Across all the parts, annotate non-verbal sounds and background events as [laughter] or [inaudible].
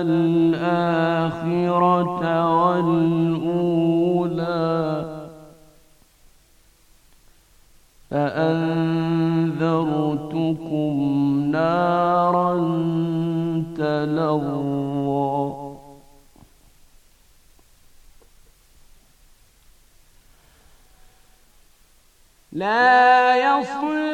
الآخرة والأولى فأنذرتكم نارا تلظى لا يصل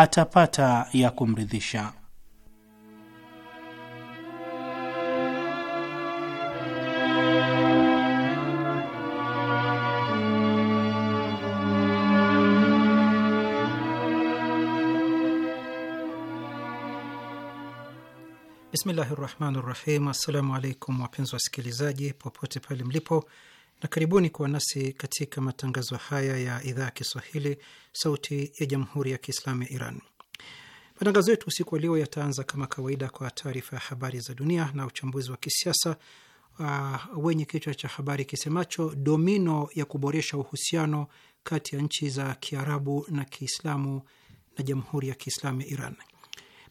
atapata ya kumridhisha. Bismillahi rahmani rahim. Assalamu alaikum wapenzi wasikilizaji popote pale mlipo, na karibuni kuwa nasi katika matangazo haya ya idhaa ya Kiswahili sauti ya jamhuri ya kiislamu ya Iran. Matangazo yetu usiku wa leo yataanza kama kawaida kwa taarifa ya habari za dunia na uchambuzi wa kisiasa uh, wenye kichwa cha habari kisemacho domino ya kuboresha uhusiano kati ya nchi za kiarabu na kiislamu na jamhuri ya kiislamu ya Iran.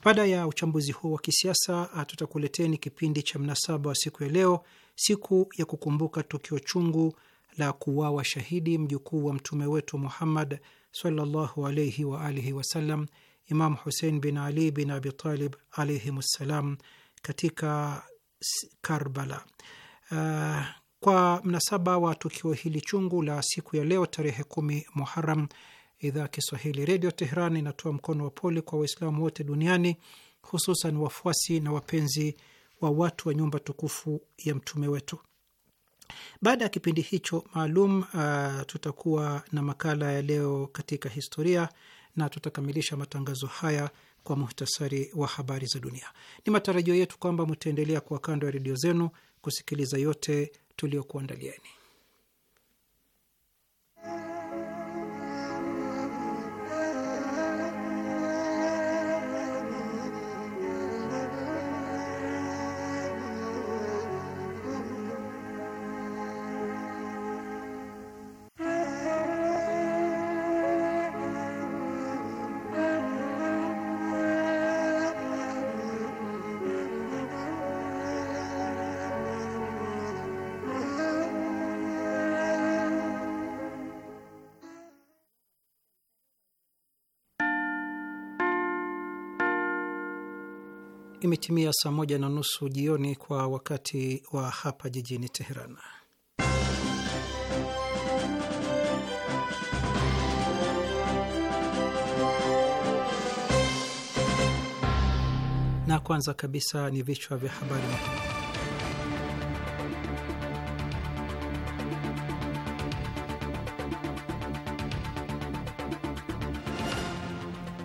Baada ya uchambuzi huo wa kisiasa uh, tutakuleteni kipindi cha mnasaba wa siku ya leo, siku ya kukumbuka tukio chungu la kuwawa shahidi mjukuu wa mtume wetu Muhammad sallallahu alaihi wa alihi wasallam, Imam Husein bin Ali bin Abitalib alaihim ssalam katika Karbala. Uh, kwa mnasaba wa tukio hili chungu la siku ya leo tarehe kumi Muharam, idhaa ya Kiswahili Redio teheran inatoa mkono wa pole kwa Waislamu wote duniani, hususan wafuasi na wapenzi wa watu wa nyumba tukufu ya mtume wetu. Baada ya kipindi hicho maalum, uh, tutakuwa na makala ya leo katika historia na tutakamilisha matangazo haya kwa muhtasari wa habari za dunia. Ni matarajio yetu kwamba mtaendelea kuwa kando ya redio zenu kusikiliza yote tuliokuandalieni. imetimia saa moja na nusu jioni kwa wakati wa hapa jijini Teheran. Na kwanza kabisa ni vichwa vya habari.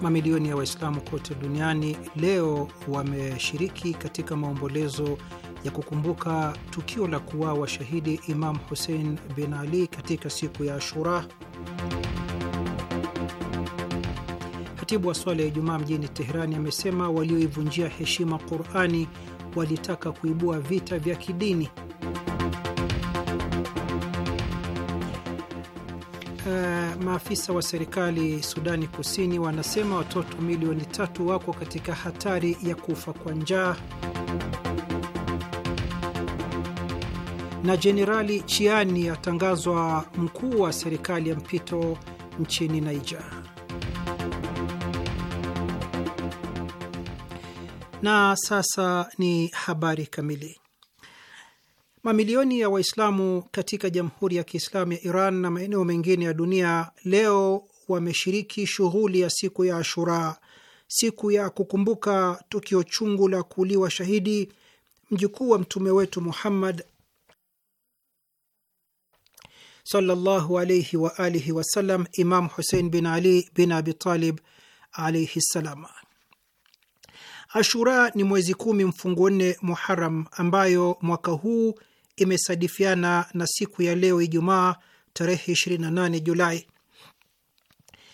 Mamilioni ya Waislamu kote duniani leo wameshiriki katika maombolezo ya kukumbuka tukio la kuuawa shahidi Imam Hussein bin Ali katika siku ya Ashura. katibu wa swala ya Ijumaa mjini Teherani amesema walioivunjia heshima Qurani walitaka kuibua vita vya kidini. Eh, maafisa wa serikali Sudani Kusini wanasema watoto milioni tatu wako katika hatari ya kufa kwa njaa. Na Jenerali Chiani atangazwa mkuu wa serikali ya mpito nchini Niger. Na sasa ni habari kamili. Mamilioni ya Waislamu katika Jamhuri ya Kiislamu ya Iran na maeneo mengine ya dunia leo wameshiriki shughuli ya siku ya Ashura, siku ya kukumbuka tukio chungu la kuuliwa shahidi mjukuu wa mtume wetu Muhammad sallallahu wa alihi wasallam, Imam Husein bin Ali bin Abitalib alaihi ssalam. Ashura ni mwezi kumi mfungo nne Muharam, ambayo mwaka huu imesadifiana na siku ya leo Ijumaa tarehe 28 Julai.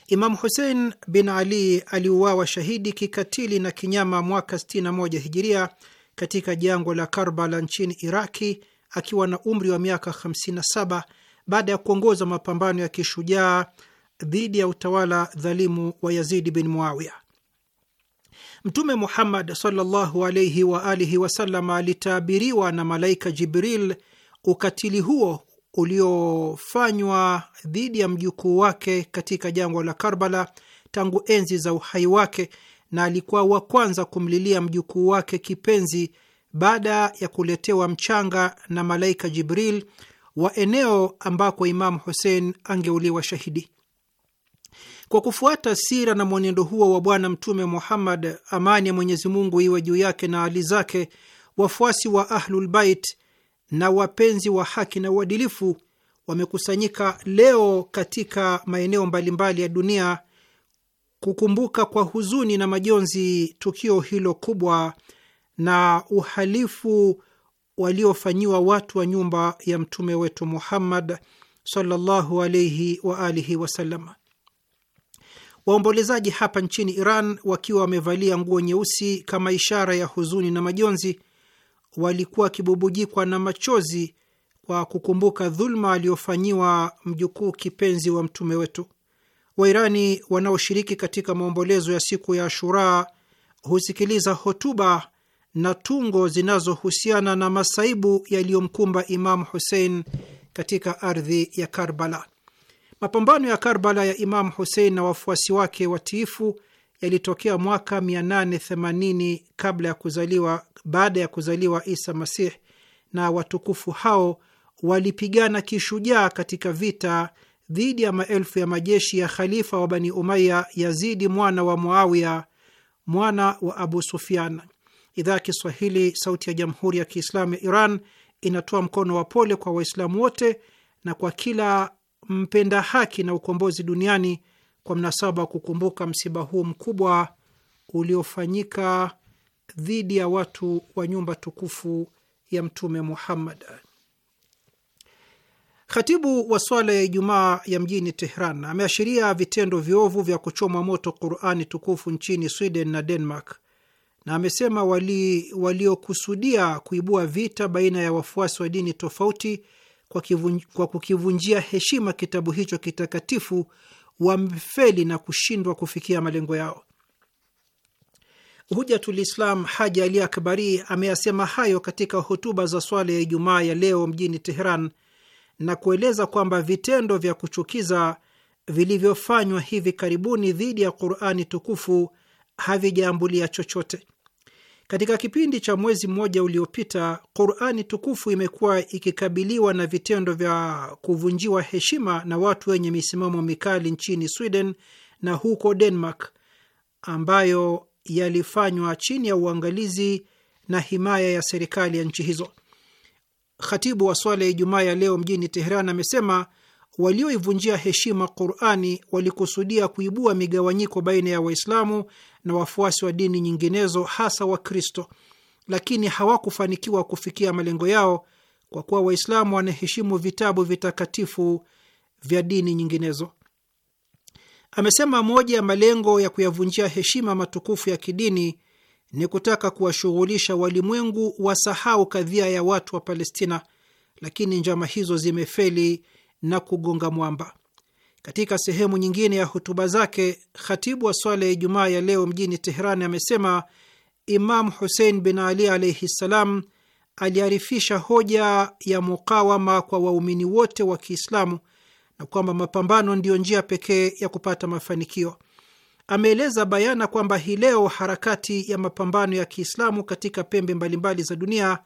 Imamu Husein bin Ali aliuawa shahidi kikatili na kinyama mwaka 61 hijiria katika jangwa la Karbala nchini Iraki akiwa na umri wa miaka 57 baada ya kuongoza mapambano ya kishujaa dhidi ya utawala dhalimu wa Yazidi bin muawia Mtume Muhammad sallallahu alaihi wa alihi wasallam alitabiriwa na malaika Jibril ukatili huo uliofanywa dhidi ya mjukuu wake katika jangwa la Karbala tangu enzi za uhai wake, na alikuwa wa kwanza kumlilia mjukuu wake kipenzi baada ya kuletewa mchanga na malaika Jibril wa eneo ambako Imamu Husein angeuliwa shahidi. Kwa kufuata sira na mwenendo huo wa Bwana Mtume Muhammad, amani ya Mwenyezi Mungu iwe juu yake na ali zake, wafuasi wa Ahlulbait na wapenzi wa haki na uadilifu wamekusanyika leo katika maeneo mbalimbali ya dunia kukumbuka kwa huzuni na majonzi tukio hilo kubwa na uhalifu waliofanyiwa watu wa nyumba ya mtume wetu Muhammad sallallahu alaihi wa alihi wasallam. Waombolezaji hapa nchini Iran wakiwa wamevalia nguo nyeusi kama ishara ya huzuni na majonzi, walikuwa wakibubujikwa na machozi kwa kukumbuka dhuluma aliyofanyiwa mjukuu kipenzi wa mtume wetu. Wairani wanaoshiriki katika maombolezo ya siku ya Ashura husikiliza hotuba na tungo zinazohusiana na masaibu yaliyomkumba Imamu Husein katika ardhi ya Karbala. Mapambano ya Karbala ya Imamu Husein na wafuasi wake watiifu yalitokea mwaka 880 kabla ya kuzaliwa, baada ya kuzaliwa Isa Masih, na watukufu hao walipigana kishujaa katika vita dhidi ya maelfu ya majeshi ya khalifa wa Bani Umaya, Yazidi mwana wa Muawiya, mwana wa Abu Sufyan. Idhaa ya Kiswahili, Sauti ya Jamhuri ya Kiislamu ya Iran inatoa mkono wa pole kwa Waislamu wote na kwa kila mpenda haki na ukombozi duniani kwa mnasaba wa kukumbuka msiba huu mkubwa uliofanyika dhidi ya watu wa nyumba tukufu ya Mtume Muhammad. Khatibu wa swala ya Ijumaa ya mjini Tehran ameashiria vitendo viovu vya kuchomwa moto Qurani tukufu nchini Sweden na Denmark, na amesema waliokusudia wali kuibua vita baina ya wafuasi wa dini tofauti kwa, kivunj, kwa kukivunjia heshima kitabu hicho kitakatifu wamfeli na kushindwa kufikia malengo yao. Hujatulislam Haji Ali Akbari ameyasema hayo katika hotuba za swala ya Ijumaa ya leo mjini Teheran na kueleza kwamba vitendo vya kuchukiza vilivyofanywa hivi karibuni dhidi ya Qurani tukufu havijaambulia chochote. Katika kipindi cha mwezi mmoja uliopita, Qurani tukufu imekuwa ikikabiliwa na vitendo vya kuvunjiwa heshima na watu wenye misimamo mikali nchini Sweden na huko Denmark, ambayo yalifanywa chini ya uangalizi na himaya ya serikali ya nchi hizo. Khatibu wa swala ya Ijumaa ya leo mjini Teheran amesema walioivunjia heshima Qurani walikusudia kuibua migawanyiko baina ya Waislamu na wafuasi wa dini nyinginezo, hasa Wakristo, lakini hawakufanikiwa kufikia malengo yao kwa kuwa Waislamu wanaheshimu vitabu vitakatifu vya dini nyinginezo. Amesema moja ya malengo ya kuyavunjia heshima matukufu ya kidini ni kutaka kuwashughulisha walimwengu wasahau kadhia ya watu wa Palestina, lakini njama hizo zimefeli na kugonga mwamba. Katika sehemu nyingine ya hotuba zake, khatibu wa swala ya Ijumaa ya leo mjini Teherani amesema Imam Husein bin Ali alaihi ssalam aliarifisha hoja ya mukawama kwa waumini wote wa Kiislamu na kwamba mapambano ndiyo njia pekee ya kupata mafanikio. Ameeleza bayana kwamba hii leo harakati ya mapambano ya Kiislamu katika pembe mbalimbali za dunia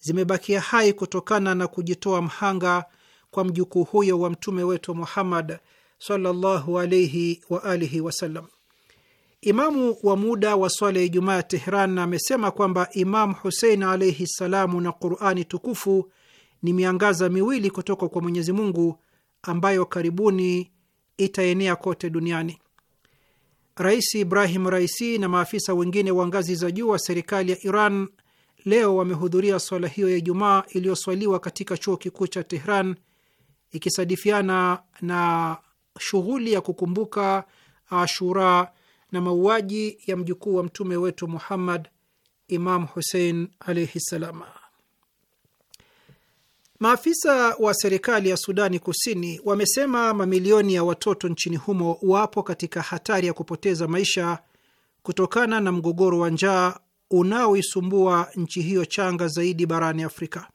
zimebakia hai kutokana na kujitoa mhanga kwa mjukuu huyo wa mtume wetu Muhammad sallallahu alaihi wa alihi wasallam. Imamu wa muda wa swala ya Ijumaa ya Tehran amesema kwamba Imamu Husein alaihi ssalamu na Qurani tukufu ni miangaza miwili kutoka kwa Mwenyezi Mungu ambayo karibuni itaenea kote duniani. Rais Ibrahim Raisi na maafisa wengine wa ngazi za juu wa serikali ya Iran leo wamehudhuria swala hiyo ya Ijumaa iliyoswaliwa katika chuo kikuu cha Tehran ikisadifiana na shughuli ya kukumbuka uh, Ashura na mauaji ya mjukuu wa mtume wetu Muhammad, Imam Husein alaihi ssalam. Maafisa wa serikali ya Sudani Kusini wamesema mamilioni ya watoto nchini humo wapo katika hatari ya kupoteza maisha kutokana na mgogoro wa njaa unaoisumbua nchi hiyo changa zaidi barani Afrika.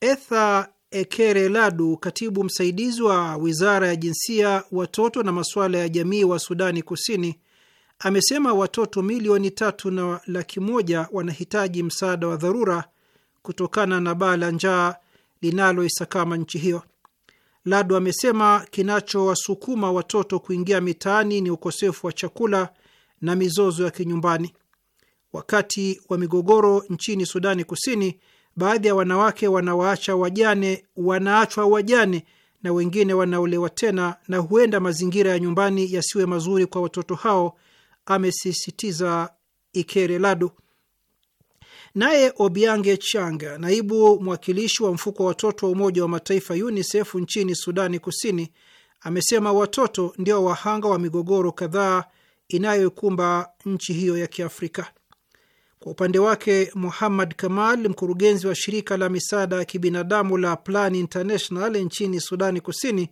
Ether Ekere Ladu, katibu msaidizi wa wizara ya jinsia, watoto na masuala ya jamii wa Sudani Kusini, amesema watoto milioni tatu na laki moja wanahitaji msaada wa dharura kutokana na baa la njaa linaloisakama nchi hiyo. Ladu amesema kinachowasukuma watoto kuingia mitaani ni ukosefu wa chakula na mizozo ya kinyumbani. Wakati wa migogoro nchini Sudani Kusini, Baadhi ya wanawake wanawaacha wajane, wanaachwa wajane na wengine wanaolewa tena, na huenda mazingira ya nyumbani yasiwe mazuri kwa watoto hao, amesisitiza Ikere lado Naye Obiange Changa, naibu mwakilishi wa mfuko wa watoto wa Umoja wa Mataifa UNICEF nchini Sudani Kusini, amesema watoto ndio wahanga wa migogoro kadhaa inayoikumba nchi hiyo ya Kiafrika. Kwa upande wake Muhammad Kamal, mkurugenzi wa shirika la misaada ya kibinadamu la Plan International nchini Sudani Kusini,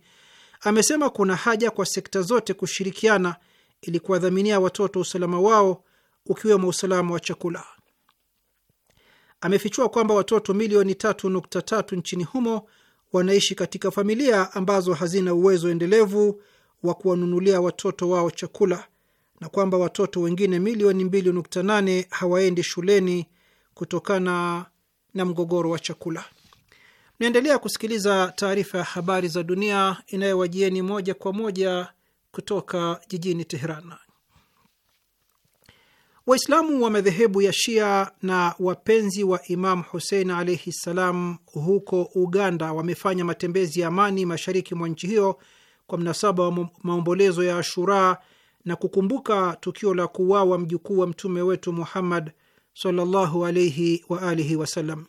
amesema kuna haja kwa sekta zote kushirikiana ili kuwadhaminia watoto usalama wao ukiwemo usalama wa chakula. Amefichua kwamba watoto milioni 3.3 nchini humo wanaishi katika familia ambazo hazina uwezo endelevu wa kuwanunulia watoto wao chakula na kwamba watoto wengine milioni 2.8 hawaendi shuleni kutokana na mgogoro wa chakula. Mnaendelea kusikiliza taarifa ya habari za dunia inayowajieni moja kwa moja kutoka jijini Teheran. Waislamu wa madhehebu ya Shia na wapenzi wa imam Husein alaihi ssalam huko Uganda wamefanya matembezi ya amani mashariki mwa nchi hiyo kwa mnasaba wa maombolezo ya Ashuraa na kukumbuka tukio la kuuawa mjukuu wa mtume wetu Muhammad sallallahu alaihi wa alihi wasallam.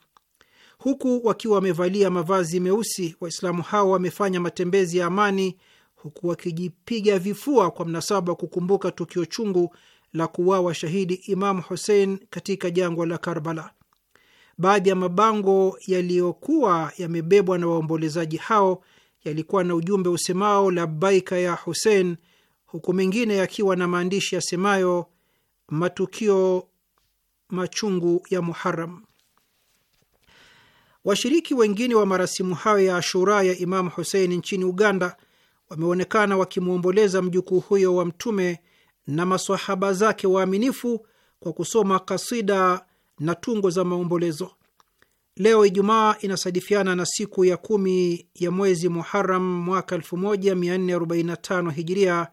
Huku wakiwa wamevalia mavazi meusi, Waislamu hao wamefanya matembezi ya amani, huku wakijipiga vifua kwa mnasaba wa kukumbuka tukio chungu la kuuawa shahidi Imamu Hussein katika jangwa la Karbala. Baadhi ya mabango yaliyokuwa yamebebwa na waombolezaji hao yalikuwa na ujumbe usemao labaika ya Husein, huku mengine yakiwa na maandishi yasemayo matukio machungu ya Muharam. Washiriki wengine wa marasimu hayo ya Ashura ya Imamu Husein nchini Uganda wameonekana wakimwomboleza mjukuu huyo wa Mtume na masahaba zake waaminifu kwa kusoma kasida na tungo za maombolezo. Leo Ijumaa inasadifiana na siku ya kumi ya mwezi Muharam mwaka 1445 hijiria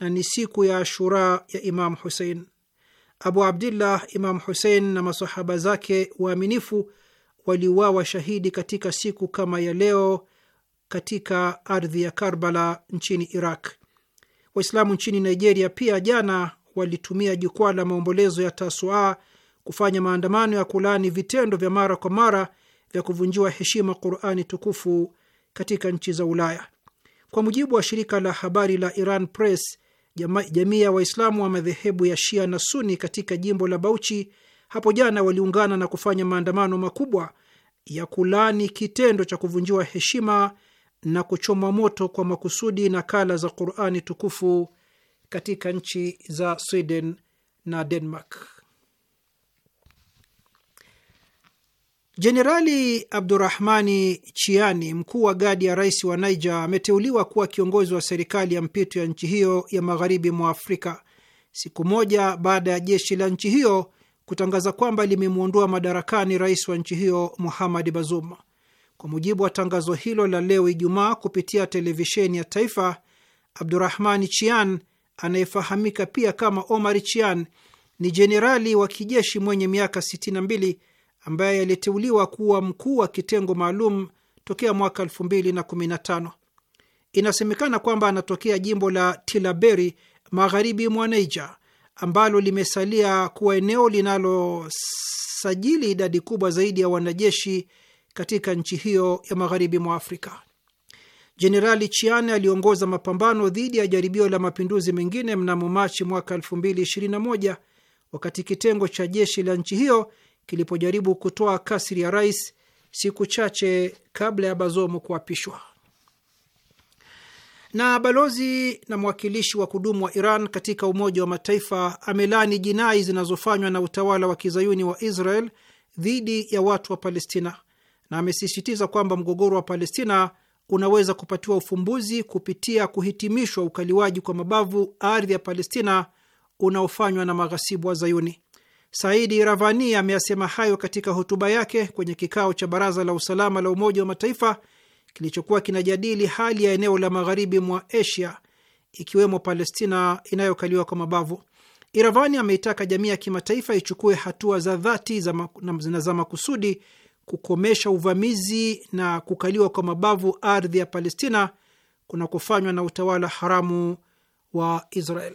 na ni siku ya Ashura ya Imam Husein. Abu Abdillah Imam Husein na masahaba zake waaminifu waliuawa shahidi katika siku kama ya leo katika ardhi ya Karbala nchini Iraq. Waislamu nchini Nigeria pia jana walitumia jukwaa la maombolezo ya Tasua kufanya maandamano ya kulaani vitendo vya mara kwa mara vya kuvunjiwa heshima Qurani tukufu katika nchi za Ulaya. Kwa mujibu wa shirika la habari la Iran Press, jamii ya Waislamu wa madhehebu ya Shia na Suni katika jimbo la Bauchi hapo jana waliungana na kufanya maandamano makubwa ya kulani kitendo cha kuvunjiwa heshima na kuchomwa moto kwa makusudi nakala za Qurani tukufu katika nchi za Sweden na Denmark. Jenerali Abdurahmani Chiani, mkuu wa gadi ya rais wa Niger, ameteuliwa kuwa kiongozi wa serikali ya mpito ya nchi hiyo ya magharibi mwa Afrika siku moja baada ya jeshi la nchi hiyo kutangaza kwamba limemwondoa madarakani rais wa nchi hiyo Muhamadi Bazuma. Kwa mujibu wa tangazo hilo la leo Ijumaa kupitia televisheni ya taifa, Abdurahmani Chian anayefahamika pia kama Omar Chian ni jenerali wa kijeshi mwenye miaka 62 ambaye aliteuliwa kuwa mkuu wa kitengo maalum tokea mwaka 2015. Inasemekana kwamba anatokea jimbo la Tilaberi magharibi mwa Niger ambalo limesalia kuwa eneo linalosajili idadi kubwa zaidi ya wanajeshi katika nchi hiyo ya magharibi mwa Afrika. Jenerali Chiane aliongoza mapambano dhidi ya jaribio la mapinduzi mengine mnamo Machi mwaka 2021 wakati kitengo cha jeshi la nchi hiyo kilipojaribu kutoa kasri ya rais siku chache kabla ya Bazoum kuapishwa. Na balozi na mwakilishi wa kudumu wa Iran katika Umoja wa Mataifa amelaani jinai zinazofanywa na utawala wa kizayuni wa Israel dhidi ya watu wa Palestina na amesisitiza kwamba mgogoro wa Palestina unaweza kupatiwa ufumbuzi kupitia kuhitimishwa ukaliwaji kwa mabavu ardhi ya Palestina unaofanywa na maghasibu wa Zayuni. Saidi Iravani ameyasema hayo katika hotuba yake kwenye kikao cha Baraza la Usalama la Umoja wa Mataifa kilichokuwa kinajadili hali ya eneo la magharibi mwa Asia ikiwemo Palestina inayokaliwa kwa mabavu. Iravani ameitaka jamii ya kimataifa ichukue hatua za dhati na za makusudi kukomesha uvamizi na kukaliwa kwa mabavu ardhi ya Palestina kunakofanywa na utawala haramu wa Israel.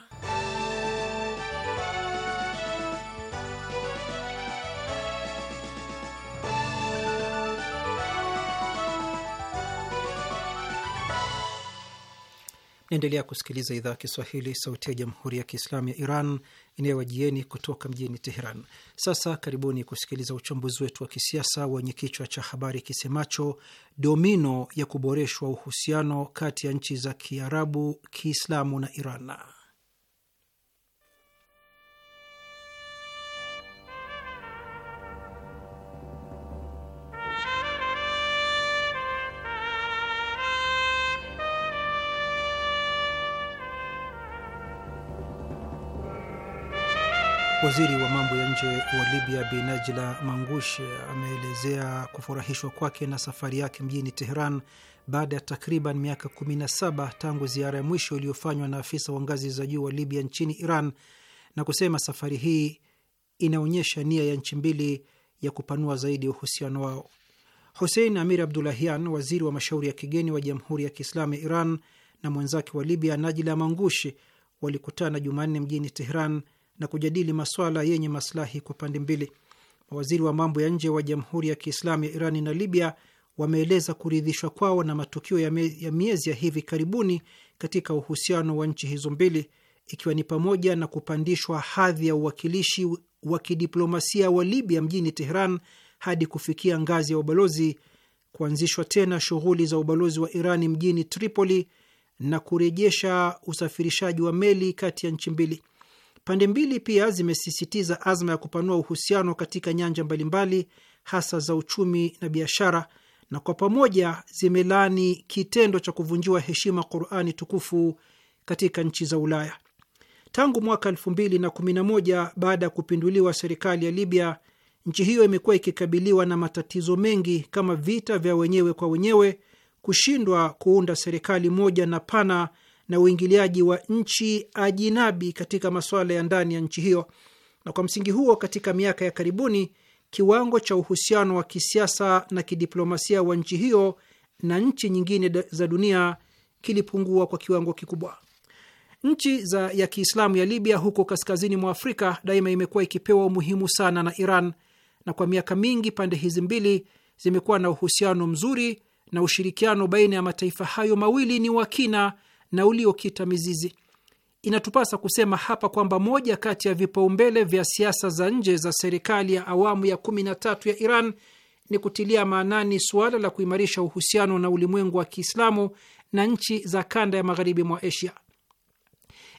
Naendelea kusikiliza idhaa ya Kiswahili, sauti ya jamhuri ya kiislamu ya Iran inayowajieni kutoka mjini Teheran. Sasa karibuni kusikiliza uchambuzi wetu wa kisiasa wenye kichwa cha habari kisemacho domino ya kuboreshwa uhusiano kati ya nchi za Kiarabu, Kiislamu na Iran. Waziri wa mambo ya nje wa Libya Bi Najla Mangush ameelezea kufurahishwa kwake na safari yake mjini Teheran baada ya takriban miaka 17 tangu ziara ya mwisho iliyofanywa na afisa wa ngazi za juu wa Libya nchini Iran na kusema safari hii inaonyesha nia ya nchi mbili ya kupanua zaidi uhusiano wao. Hussein Amir Abdulahian, waziri wa mashauri ya kigeni wa Jamhuri ya Kiislamu ya Iran, na mwenzake wa Libya Najla Mangush walikutana Jumanne mjini Teheran na kujadili masuala yenye maslahi kwa pande mbili. Mawaziri wa mambo ya nje wa Jamhuri ya Kiislamu ya Irani na Libya wameeleza kuridhishwa kwao na matukio ya, me, ya miezi ya hivi karibuni katika uhusiano wa nchi hizo mbili ikiwa ni pamoja na kupandishwa hadhi ya uwakilishi wa kidiplomasia wa Libya mjini Tehran hadi kufikia ngazi ya ubalozi, kuanzishwa tena shughuli za ubalozi wa Irani mjini Tripoli na kurejesha usafirishaji wa meli kati ya nchi mbili. Pande mbili pia zimesisitiza azma ya kupanua uhusiano katika nyanja mbalimbali, hasa za uchumi na biashara, na kwa pamoja zimelaani kitendo cha kuvunjiwa heshima Qurani tukufu katika nchi za Ulaya. Tangu mwaka 2011 baada ya kupinduliwa serikali ya Libya, nchi hiyo imekuwa ikikabiliwa na matatizo mengi kama vita vya wenyewe kwa wenyewe, kushindwa kuunda serikali moja na pana na uingiliaji wa nchi ajinabi katika masuala ya ndani ya nchi hiyo, na kwa msingi huo, katika miaka ya karibuni kiwango cha uhusiano wa kisiasa na kidiplomasia wa nchi hiyo na nchi nyingine za dunia kilipungua kwa kiwango kikubwa. Nchi za ya Kiislamu ya Libya huko kaskazini mwa Afrika daima imekuwa ikipewa umuhimu sana na Iran, na kwa miaka mingi pande hizi mbili zimekuwa na uhusiano mzuri na ushirikiano baina ya mataifa hayo mawili ni wa kina na uliokita mizizi. Inatupasa kusema hapa kwamba moja kati ya vipaumbele vya siasa za nje za serikali ya awamu ya 13 ya Iran ni kutilia maanani suala la kuimarisha uhusiano na ulimwengu wa Kiislamu na nchi za kanda ya magharibi mwa Asia.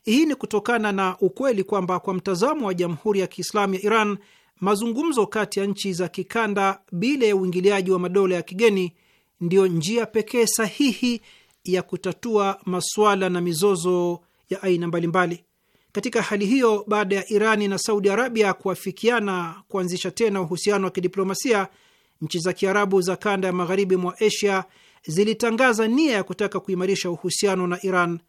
Hii ni kutokana na ukweli kwamba kwa mtazamo wa Jamhuri ya Kiislamu ya Iran, mazungumzo kati ya nchi za kikanda bila ya uingiliaji wa madola ya kigeni ndiyo njia pekee sahihi ya kutatua masuala na mizozo ya aina mbalimbali. Katika hali hiyo, baada ya Irani na Saudi Arabia kuafikiana kuanzisha tena uhusiano wa kidiplomasia, nchi za Kiarabu za kanda ya magharibi mwa Asia zilitangaza nia ya kutaka kuimarisha uhusiano na Iran,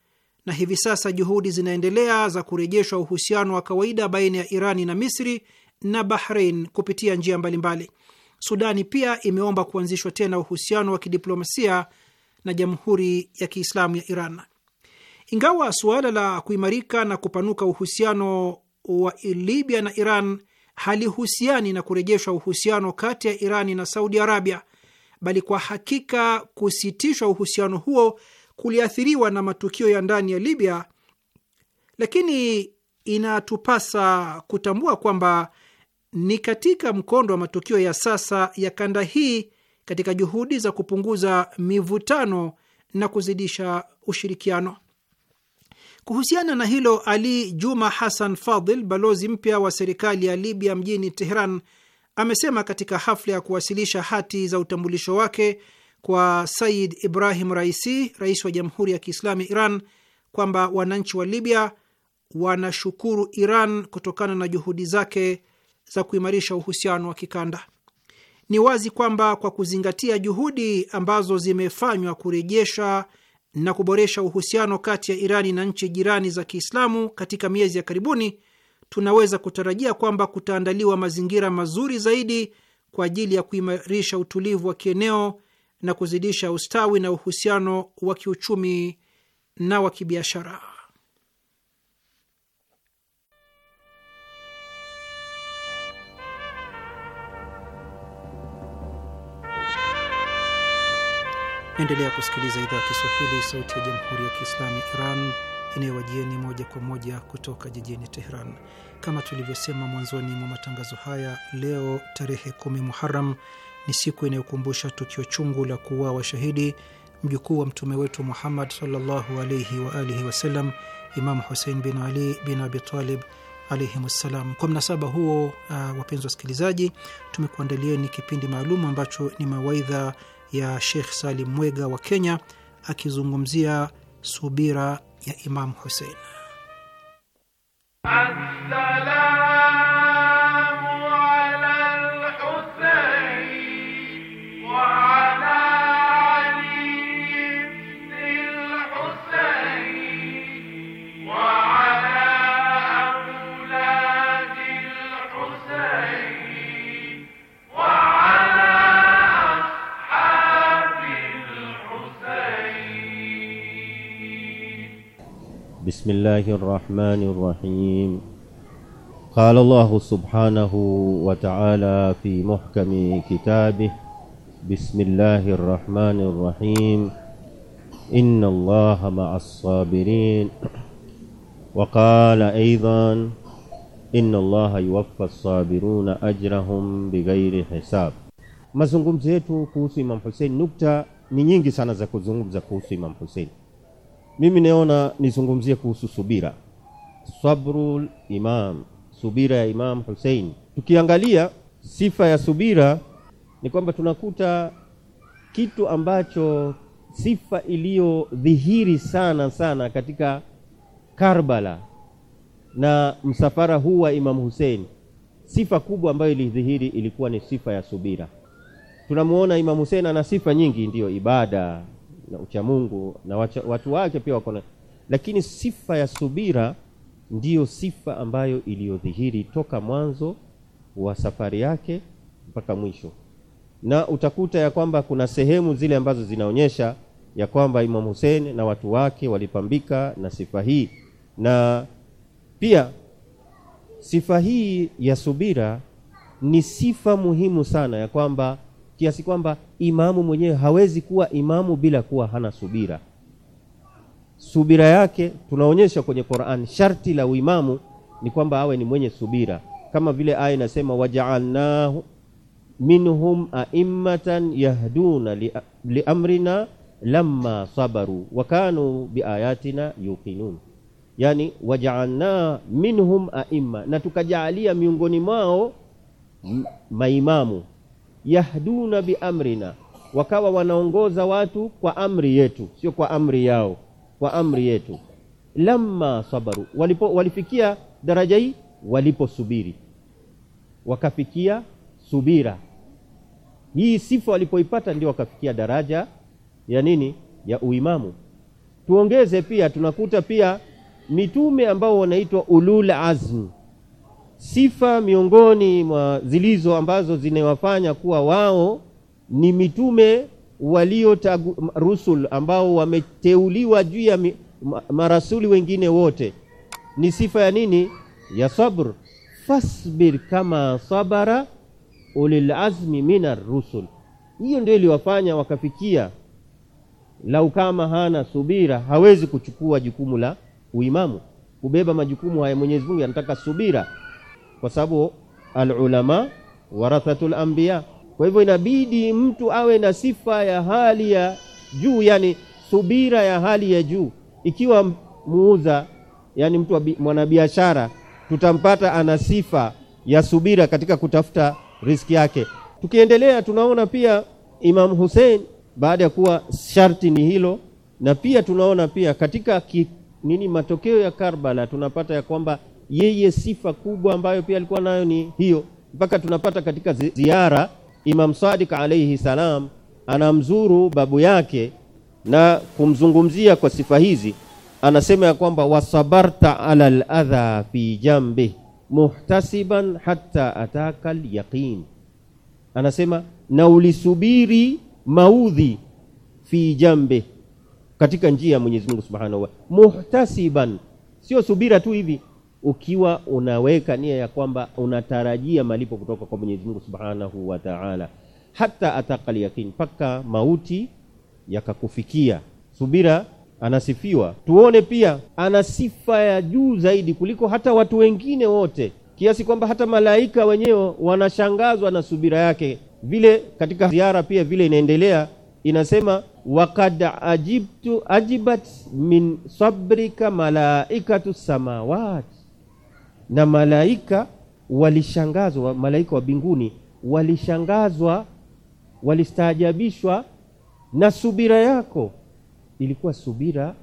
na hivi sasa juhudi zinaendelea za kurejeshwa uhusiano wa kawaida baina ya Irani na Misri na bahrein kupitia njia mbalimbali. Sudani pia imeomba kuanzishwa tena uhusiano wa kidiplomasia na Jamhuri ya Kiislamu ya Iran. Ingawa suala la kuimarika na kupanuka uhusiano wa Libya na Iran halihusiani na kurejeshwa uhusiano kati ya Irani na Saudi Arabia, bali kwa hakika kusitishwa uhusiano huo kuliathiriwa na matukio ya ndani ya Libya, lakini inatupasa kutambua kwamba ni katika mkondo wa matukio ya sasa ya kanda hii katika juhudi za kupunguza mivutano na kuzidisha ushirikiano. Kuhusiana na hilo, Ali Juma Hassan Fadhil, balozi mpya wa serikali ya Libya mjini Tehran, amesema katika hafla ya kuwasilisha hati za utambulisho wake kwa Said Ibrahim Raisi, rais wa Jamhuri ya Kiislamu Iran, kwamba wananchi wa Libya wanashukuru Iran kutokana na juhudi zake za kuimarisha uhusiano wa kikanda. Ni wazi kwamba kwa kuzingatia juhudi ambazo zimefanywa kurejesha na kuboresha uhusiano kati ya Irani na nchi jirani za Kiislamu katika miezi ya karibuni, tunaweza kutarajia kwamba kutaandaliwa mazingira mazuri zaidi kwa ajili ya kuimarisha utulivu wa kieneo na kuzidisha ustawi na uhusiano wa kiuchumi na wa kibiashara. Naendelea kusikiliza idhaa ya Kiswahili, sauti ya jamhuri ya kiislamu ya Iran inayowajieni moja kwa moja kutoka jijini Teheran. Kama tulivyosema mwanzoni mwa matangazo haya, leo tarehe kumi Muharam ni siku inayokumbusha tukio chungu la kuuawa shahidi mjukuu wa mtume wetu Muhammad sallallahu alaihi wa alihi wasallam, Imamu Husein bin Ali bin Abitalib alaihim ssalam. Kwa mnasaba huo, uh, wapenzi wasikilizaji, tumekuandalieni kipindi maalum ambacho ni mawaidha ya Sheikh Salim Mwega wa Kenya akizungumzia subira ya Imam Hussein. بسم الله الرحمن الرحيم قال الله سبحانه وتعالى في محكم كتابه بسم الله الرحمن الرحيم ان الله مع الصابرين وقال ايضا ان الله يوفى الصابرون اجرهم بغير حساب mazungumzo yetu kuhusu Imam Hussein nukta ni nyingi sana za kuzungumza kuhusu Imam Hussein mimi naona nizungumzie kuhusu subira, sabrul imam, subira ya Imam Hussein. Tukiangalia sifa ya subira ni kwamba tunakuta kitu ambacho sifa iliyodhihiri sana sana katika Karbala na msafara huu wa Imam Hussein, sifa kubwa ambayo ilidhihiri ilikuwa ni sifa ya subira. Tunamuona Imam Hussein ana sifa nyingi, ndiyo ibada na Mungu na wacha, watu wake pia wako na, lakini sifa ya subira ndiyo sifa ambayo iliyodhihiri toka mwanzo wa safari yake mpaka mwisho, na utakuta ya kwamba kuna sehemu zile ambazo zinaonyesha ya kwamba Imam Hussein na watu wake walipambika na sifa hii, na pia sifa hii ya subira ni sifa muhimu sana ya kwamba kiasi kwamba imamu mwenyewe hawezi kuwa imamu bila kuwa hana subira. Subira yake tunaonyesha kwenye Qur'an. Sharti la uimamu ni kwamba awe ni mwenye subira, kama vile aya inasema waja'alnahu minhum a'immatan yahduna liamrina li lamma sabaru wa kanu biayatina yuqinun, yani waja'alna minhum a'imma, na tukajaalia miongoni mwao maimamu yahduna biamrina, wakawa wanaongoza watu kwa amri yetu, sio kwa amri yao, kwa amri yetu. Lamma sabaru, walipo walifikia daraja hii waliposubiri, wakafikia subira. Hii sifa walipoipata ndio wakafikia daraja ya nini? Ya uimamu. Tuongeze pia, tunakuta pia mitume ambao wanaitwa ulul azm sifa miongoni mwa zilizo ambazo zinawafanya kuwa wao ni mitume walio tagu, rusul ambao wameteuliwa juu ya marasuli wengine wote ni sifa ya nini? Ya sabr. Fasbir kama sabara ulil azmi mina rusul, hiyo ndio iliwafanya wakafikia. Lau kama hana subira, hawezi kuchukua jukumu la uimamu, kubeba majukumu haya. Mwenyezi Mungu anataka subira kwa sababu alulama warathatul anbiya. Kwa hivyo inabidi mtu awe na sifa ya hali ya juu, yani subira ya hali ya juu. Ikiwa muuza, yani mtu mwanabiashara, tutampata ana sifa ya subira katika kutafuta riski yake. Tukiendelea tunaona pia Imam Hussein baada ya kuwa sharti ni hilo, na pia tunaona pia katika ki, nini matokeo ya Karbala tunapata ya kwamba yeye sifa kubwa ambayo pia alikuwa nayo ni hiyo, mpaka tunapata katika ziara Imam Sadiq alayhi salam anamzuru babu yake na kumzungumzia kwa sifa hizi, anasema ya kwamba wasabarta ala aladha fi jambi muhtasiban hatta ataka alyaqin. Anasema na ulisubiri maudhi fi jambi, katika njia ya Mwenyezi Mungu subhanahu wa muhtasiban, sio subira tu hivi ukiwa unaweka nia ya kwamba unatarajia malipo kutoka kwa Mwenyezi Mungu Subhanahu wa Ta'ala, hata atakal yakin, mpaka mauti yakakufikia. Subira anasifiwa, tuone pia ana sifa ya juu zaidi kuliko hata watu wengine wote, kiasi kwamba hata malaika wenyewe wanashangazwa na subira yake. Vile katika ziara pia vile inaendelea inasema wakad ajibtu ajibat min sabrika malaikatu samawat na malaika walishangazwa, malaika wa binguni walishangazwa, walistaajabishwa na subira yako. Ilikuwa subira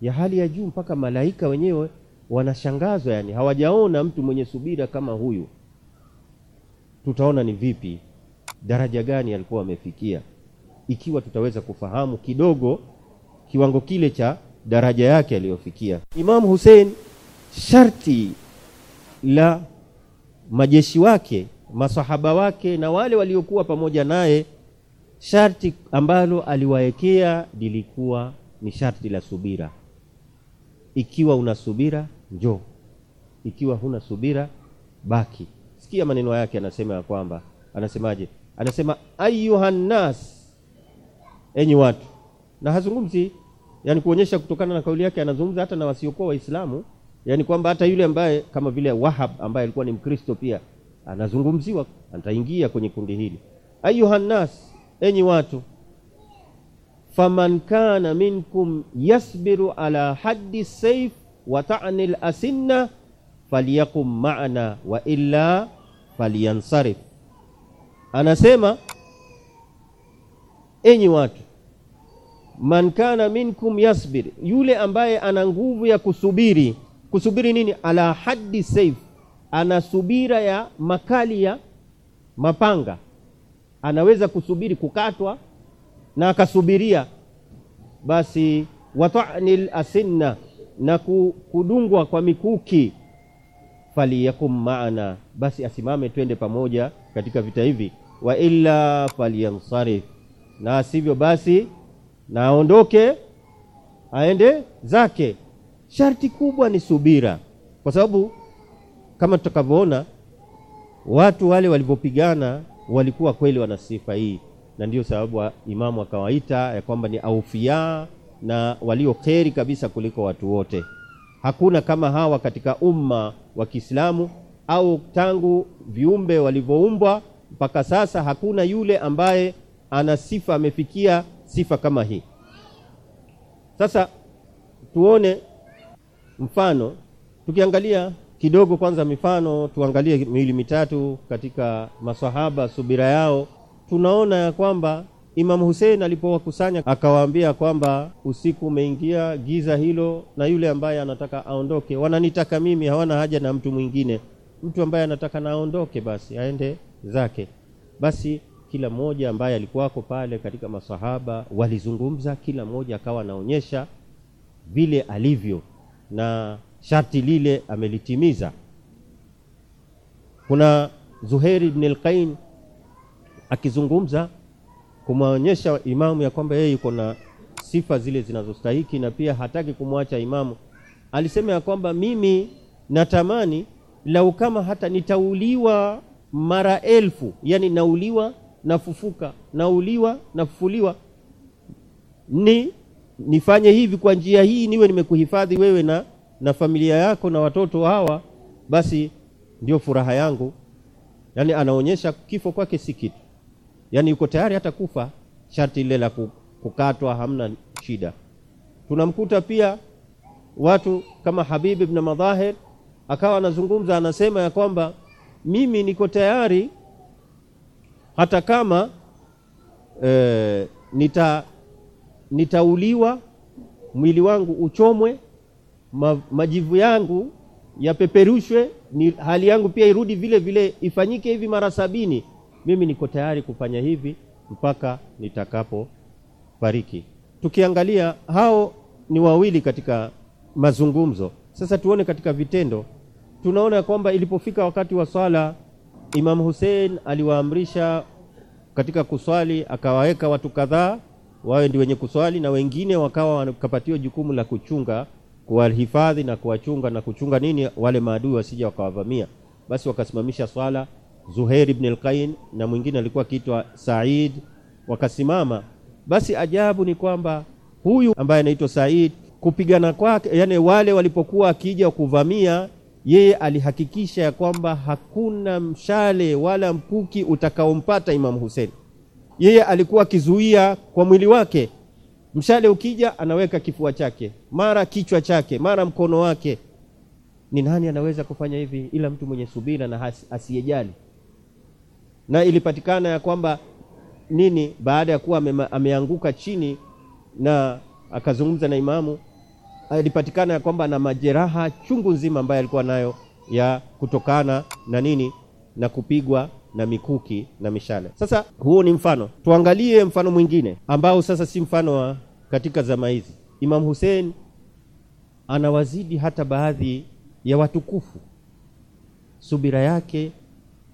ya hali ya juu, mpaka malaika wenyewe wanashangazwa, yani hawajaona mtu mwenye subira kama huyu. Tutaona ni vipi, daraja gani alikuwa amefikia, ikiwa tutaweza kufahamu kidogo kiwango kile cha daraja yake aliyofikia Imam Hussein, sharti la majeshi wake, masahaba wake na wale waliokuwa pamoja naye, sharti ambalo aliwaekea lilikuwa ni sharti la subira. Ikiwa una subira njo ikiwa huna subira baki. Sikia maneno yake, anasema ya kwamba anasemaje? Anasema ayuhannas, enyi watu, na hazungumzi yani kuonyesha kutokana na kauli yake anazungumza hata na wasiokuwa Waislamu yaani kwamba hata yule ambaye kama vile Wahab ambaye alikuwa ni Mkristo pia anazungumziwa, ataingia kwenye kundi hili. Ayuhannas, enyi watu, faman kana minkum yasbiru ala haddi saif wa ta'ni al-asinna falyakum ma'ana wa illa falyansarif. Anasema, enyi watu man kana minkum yasbir, yule ambaye ana nguvu ya kusubiri kusubiri nini? ala haddi saif, ana subira ya makali ya mapanga, anaweza kusubiri kukatwa na akasubiria. Basi watani asinna, na kudungwa kwa mikuki, faliyakum maana, basi asimame twende pamoja katika vita hivi, wa illa falyansarif, na sivyo basi naondoke aende zake Sharti kubwa ni subira, kwa sababu kama tutakavyoona watu wale walivyopigana walikuwa kweli wana sifa hii, na ndiyo sababu Imamu akawaita ya kwamba ni aufia na walio kheri kabisa kuliko watu wote. Hakuna kama hawa katika umma wa Kiislamu au tangu viumbe walivyoumbwa mpaka sasa, hakuna yule ambaye ana sifa amefikia sifa kama hii. Sasa tuone Mfano tukiangalia kidogo kwanza, mifano tuangalie miili mitatu katika maswahaba, subira yao, tunaona ya kwamba Imamu Hussein alipowakusanya akawaambia kwamba usiku umeingia, giza hilo, na yule ambaye anataka aondoke, wananitaka mimi, hawana haja na mtu mwingine. Mtu ambaye anataka na aondoke, basi aende zake. Basi kila mmoja ambaye alikuwako pale katika maswahaba walizungumza, kila mmoja akawa anaonyesha vile alivyo na sharti lile amelitimiza. Kuna Zuhair ibn al akizungumza kumwonyesha imamu ya kwamba yeye yuko na sifa zile zinazostahiki na pia hataki kumwacha imamu. Alisema ya kwamba mimi natamani lau kama hata nitauliwa mara elfu, yani nauliwa nafufuka, nauliwa nafufuliwa, ni nifanye hivi kwa njia hii, niwe nimekuhifadhi wewe na, na familia yako na watoto hawa, basi ndio furaha yangu. Yani anaonyesha kifo kwake si kitu, yani yuko tayari hata kufa, sharti ile la kukatwa hamna shida. Tunamkuta pia watu kama Habib ibn Madahir akawa anazungumza, anasema ya kwamba mimi niko tayari hata kama e, nita nitauliwa, mwili wangu uchomwe, ma, majivu yangu yapeperushwe, ni hali yangu pia irudi vile vile, ifanyike hivi mara sabini. Mimi niko tayari kufanya hivi mpaka nitakapo fariki. Tukiangalia hao ni wawili katika mazungumzo. Sasa tuone katika vitendo, tunaona kwamba ilipofika wakati wa swala, Imam Hussein aliwaamrisha katika kuswali, akawaweka watu kadhaa wawe ndi wenye kuswali na wengine wakawa wakapatiwa jukumu la kuchunga kuwahifadhi na kuwachunga na kuchunga nini wale maadui wasija wakawavamia basi wakasimamisha swala Zuhair ibn al na mwingine alikuwa akiitwa Said wakasimama basi ajabu ni kwamba huyu ambaye anaitwa Said kupigana kwake yani wale walipokuwa akija kuvamia yeye alihakikisha ya kwamba hakuna mshale wala mkuki utakaompata Imam Hussein yeye alikuwa akizuia kwa mwili wake mshale ukija anaweka kifua chake mara kichwa chake mara mkono wake ni nani anaweza kufanya hivi ila mtu mwenye subira na asiyejali na ilipatikana ya kwamba nini baada ya kuwa ameanguka chini na akazungumza na imamu ilipatikana ya kwamba na majeraha chungu nzima ambayo alikuwa nayo ya kutokana na nini na kupigwa na mikuki na mishale. Sasa huo ni mfano, tuangalie mfano mwingine ambao sasa si mfano wa katika zama hizi. Imam Hussein anawazidi hata baadhi ya watukufu, subira yake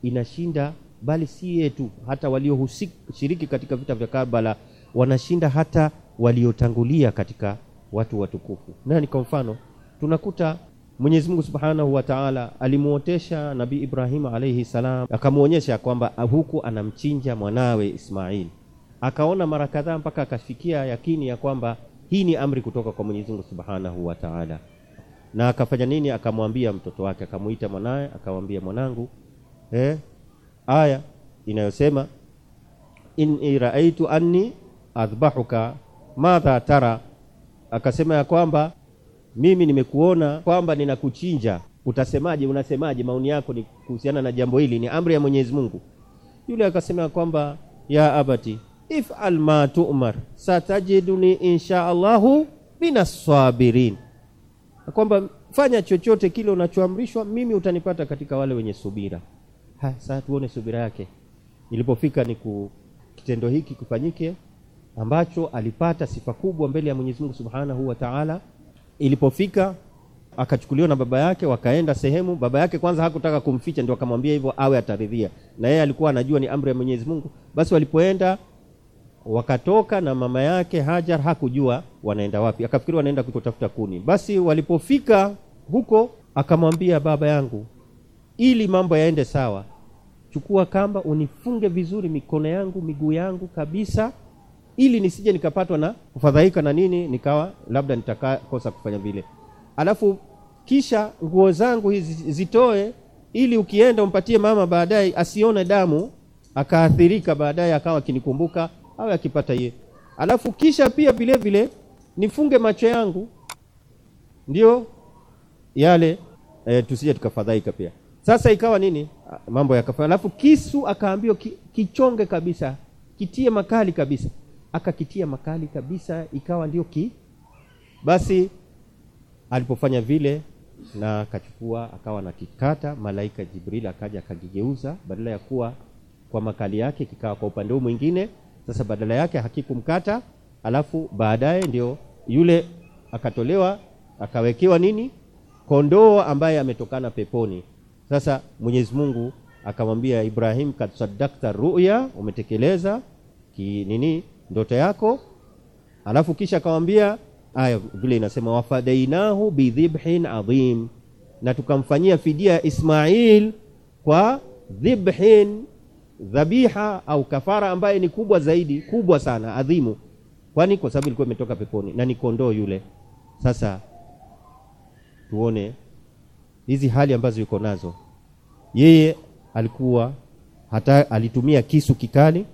inashinda, bali si yetu, hata walioshiriki katika vita vya Karbala wanashinda hata waliotangulia katika watu watukufu. Nani kwa mfano tunakuta Mwenyezi Mungu Subhanahu wa Ta'ala alimuotesha Nabii Ibrahim alayhi salam, akamuonyesha kwamba huku anamchinja mwanawe Ismail. Akaona mara kadhaa mpaka akafikia yakini ya kwamba hii ni amri kutoka kwa Mwenyezi Mungu Subhanahu wa Ta'ala. Na akafanya nini? Akamwambia mtoto wake, akamuita mwanaye, akamwambia mwanangu, eh, aya inayosema in raaitu anni adhbahuka madha tara, akasema ya kwamba mimi nimekuona kwamba ninakuchinja, utasemaje? Unasemaje? maoni yako ni kuhusiana na jambo hili, ni amri ya Mwenyezi Mungu. Yule akasema kwamba ya abati if'al ma tu'mar satajiduni insha Allahu minas kwamba fanya chochote kile unachoamrishwa, mimi utanipata katika wale wenye subira. Ha, sasa tuone subira yake ilipofika ni ku kitendo hiki kufanyike ambacho alipata sifa kubwa mbele ya Mwenyezi Mungu Subhanahu wa Ta'ala. Ilipofika akachukuliwa na baba yake, wakaenda sehemu. Baba yake kwanza hakutaka kumficha, ndio akamwambia hivyo awe ataridhia, na yeye alikuwa anajua ni amri ya Mwenyezi Mungu. Basi walipoenda wakatoka na mama yake Hajar hakujua wanaenda wapi, akafikiri wanaenda kutafuta kuni. Basi walipofika huko, akamwambia baba yangu, ili mambo yaende sawa, chukua kamba unifunge vizuri mikono yangu miguu yangu kabisa ili nisije nikapatwa na kufadhaika na nini nikawa labda nitakakosa kufanya vile alafu kisha nguo zangu hizi zitoe ili ukienda umpatie mama baadaye asione damu akaathirika baadaye akawa akinikumbuka au akipata ye alafu kisha pia vile vile nifunge macho yangu ndio yale e, tusije tukafadhaika pia sasa ikawa nini mambo yakafanya alafu kisu akaambiwa ki, kichonge kabisa kitie makali kabisa akakitia makali kabisa, ikawa ndio ki basi. Alipofanya vile na akachukua akawa na kikata, malaika Jibril akaja akakigeuza, badala ya kuwa kwa makali yake kikawa kwa upande huu mwingine. Sasa badala yake hakikumkata, alafu baadaye ndio yule akatolewa akawekewa nini, kondoo ambaye ametokana peponi. Sasa Mwenyezi Mungu akamwambia Ibrahim, kad sadakta ruya, umetekeleza ki nini ndoto yako, alafu kisha akamwambia aya vile inasema, wafadainahu bidhibhin adhim, na tukamfanyia fidia Ismail kwa dhibhin, dhabiha au kafara ambaye ni kubwa zaidi, kubwa sana, adhimu. Kwani kwa sababu ilikuwa imetoka peponi na ni kondoo yule. Sasa tuone hizi hali ambazo yuko nazo yeye, alikuwa hata alitumia kisu kikali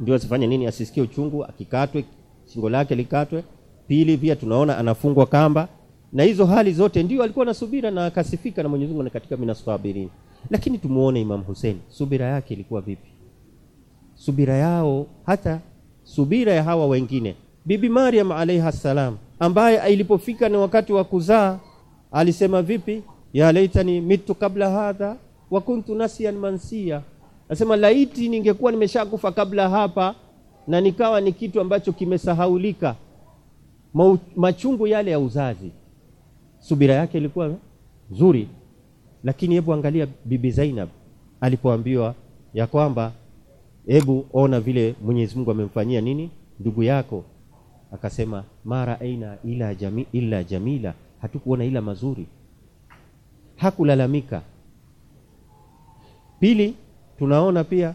ndio asifanye nini asisikie uchungu akikatwe shingo lake likatwe pili pia tunaona anafungwa kamba na hizo hali zote ndio alikuwa na subira na akasifika na Mwenyezi Mungu na katika minaswabirin lakini tumuone Imam Hussein subira yake ilikuwa vipi subira yao hata subira ya hawa wengine bibi Maryam alaiha salam ambaye ilipofika ni wakati wa kuzaa alisema vipi ya laitani mitu kabla hadha wa kuntu nasiyan mansia Anasema laiti ningekuwa nimeshakufa kabla hapa, na nikawa ni kitu ambacho kimesahaulika. Machungu yale ya uzazi, subira yake ilikuwa nzuri, lakini hebu angalia Bibi Zainab alipoambiwa ya kwamba hebu ona vile Mwenyezi Mungu amemfanyia nini ndugu yako, akasema mara aina ila jami, ila jamila, hatukuona ila mazuri. Hakulalamika. Pili, tunaona pia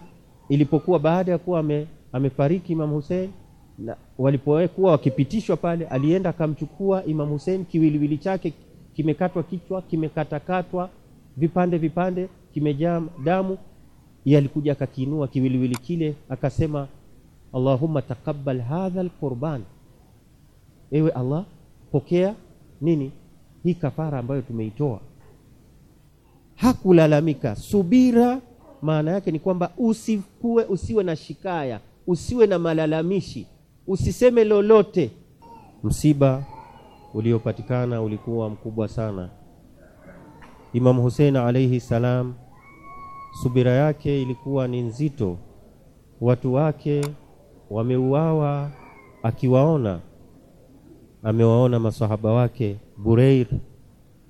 ilipokuwa baada ya kuwa ame, amefariki Imam Hussein na walipokuwa wakipitishwa pale, alienda akamchukua Imam Hussein, kiwiliwili chake kimekatwa kichwa, kimekatakatwa vipande vipande, kimejaa damu. Yeye alikuja akakiinua kiwiliwili kile akasema, Allahumma taqabbal hadha alqurban, ewe Allah pokea nini hii kafara ambayo tumeitoa. Hakulalamika, subira maana yake ni kwamba usikuwe, usiwe na shikaya, usiwe na malalamishi, usiseme lolote. Msiba uliopatikana ulikuwa mkubwa sana. Imam Hussein alaihi salam, subira yake ilikuwa ni nzito. Watu wake wameuawa akiwaona, amewaona masahaba wake Bureir,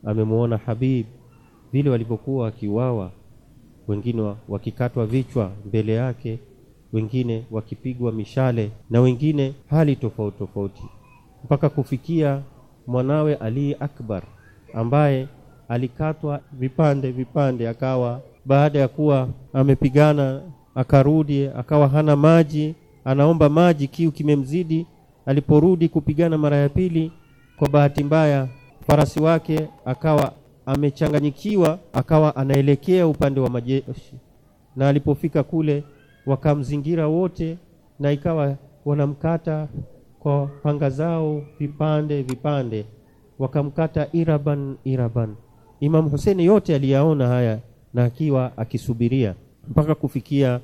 amemwona Habib vile walipokuwa wakiuawa wengine wakikatwa vichwa mbele yake, wengine wakipigwa mishale, na wengine hali tofauti tofauti, mpaka kufikia mwanawe Ali Akbar ambaye alikatwa vipande vipande, akawa baada ya kuwa amepigana akarudi, akawa hana maji, anaomba maji, kiu kimemzidi. Aliporudi kupigana mara ya pili, kwa bahati mbaya farasi wake akawa amechanganyikiwa, akawa anaelekea upande wa majeshi, na alipofika kule wakamzingira wote, na ikawa wanamkata kwa panga zao vipande vipande, wakamkata iraban iraban. Imamu Huseni yote aliyaona haya, na akiwa akisubiria mpaka kufikia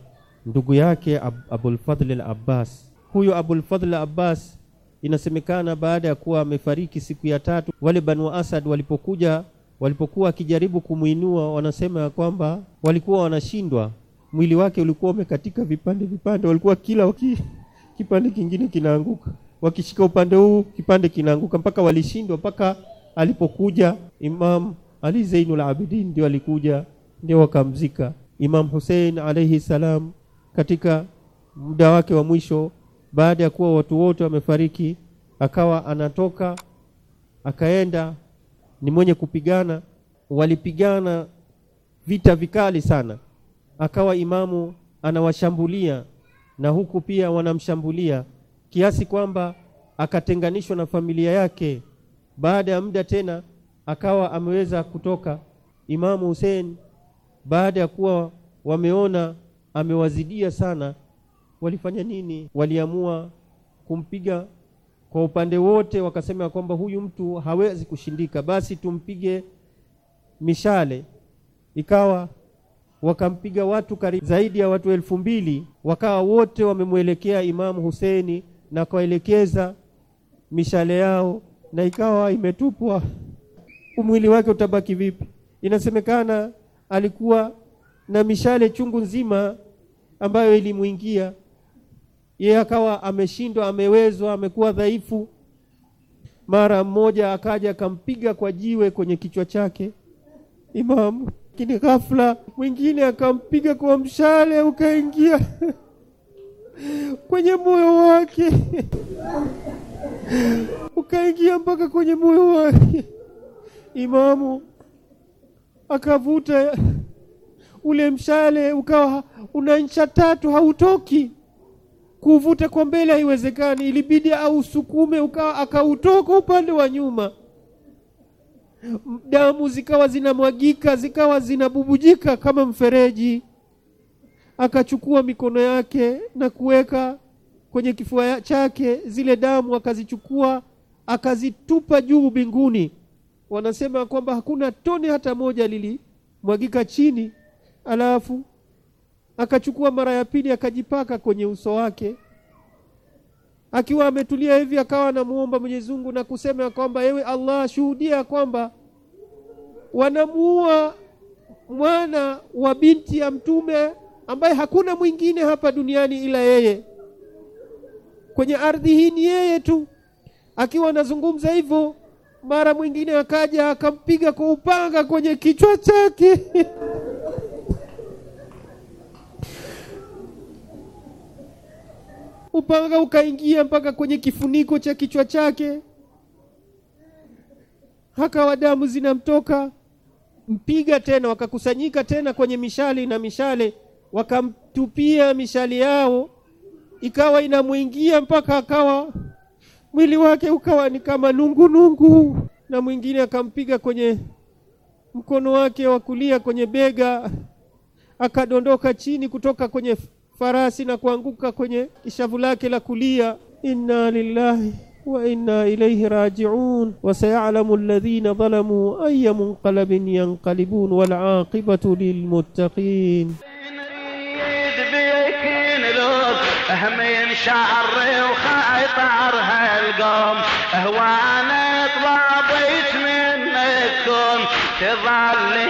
ndugu yake Ab Abulfadli al Abbas. Huyo Abulfadli al Abbas inasemekana baada ya kuwa amefariki siku ya tatu, wale Banu Asad walipokuja walipokuwa akijaribu kumuinua, wanasema ya kwamba walikuwa wanashindwa. Mwili wake ulikuwa umekatika vipande vipande, walikuwa kila waki, kipande kingine kinaanguka, wakishika upande huu kipande kinaanguka, mpaka walishindwa, mpaka alipokuja Imam Ali Zainul Abidin ndio alikuja, ndio wakamzika Imam Hussein alayhi salam katika muda wake wa mwisho, baada ya kuwa watu wote wamefariki, akawa anatoka akaenda ni mwenye kupigana walipigana vita vikali sana akawa imamu anawashambulia na huku pia wanamshambulia kiasi kwamba akatenganishwa na familia yake baada ya muda tena akawa ameweza kutoka imamu Hussein baada ya kuwa wameona amewazidia sana walifanya nini waliamua kumpiga kwa upande wote wakasema ya kwamba huyu mtu hawezi kushindika, basi tumpige mishale. Ikawa wakampiga watu karibu zaidi ya watu elfu mbili wakawa wote wamemwelekea Imamu Huseini na kuelekeza mishale yao, na ikawa imetupwa. Umwili wake utabaki vipi? Inasemekana alikuwa na mishale chungu nzima ambayo ilimwingia yeye akawa ameshindwa, amewezwa, amekuwa dhaifu. Mara mmoja akaja akampiga kwa jiwe kwenye kichwa chake imamu, lakini ghafla mwingine akampiga kwa mshale ukaingia [laughs] kwenye moyo wake [laughs] ukaingia mpaka kwenye moyo wake. Imamu akavuta ule mshale ukawa una ncha tatu hautoki kuvuta kwa mbele haiwezekani, ilibidi au usukume ukawa akautoka upande wa nyuma. Damu zikawa zinamwagika, zikawa zinabubujika kama mfereji. Akachukua mikono yake na kuweka kwenye kifua chake, zile damu akazichukua akazitupa juu mbinguni. Wanasema kwamba hakuna tone hata moja lilimwagika chini, alafu akachukua mara ya pili akajipaka kwenye uso wake akiwa ametulia hivi akawa anamuomba Mwenyezi Mungu na kusema ya kwamba ewe Allah shuhudia kwamba wanamuua mwana wa binti ya mtume ambaye hakuna mwingine hapa duniani ila yeye kwenye ardhi hii ni yeye tu akiwa anazungumza hivyo mara mwingine akaja akampiga kwa upanga kwenye kichwa chake [laughs] upanga ukaingia mpaka kwenye kifuniko cha kichwa chake, akawa damu zinamtoka. Mpiga tena, wakakusanyika tena kwenye mishali na mishale, wakamtupia mishali yao, ikawa inamwingia mpaka akawa mwili wake ukawa ni kama nungunungu nungu. Na mwingine akampiga kwenye mkono wake wa kulia kwenye bega, akadondoka chini kutoka kwenye farasi na kuanguka kwenye ishavu lake la kulia inna lillahi wa inna ilayhi raji'un wa sayalamu alladhina zalamu ayya munqalabin yanqalibun wal aqibatu lil muttaqin هم ينشعر وخايط هالقوم القوم هوانا بيت منكم تظلي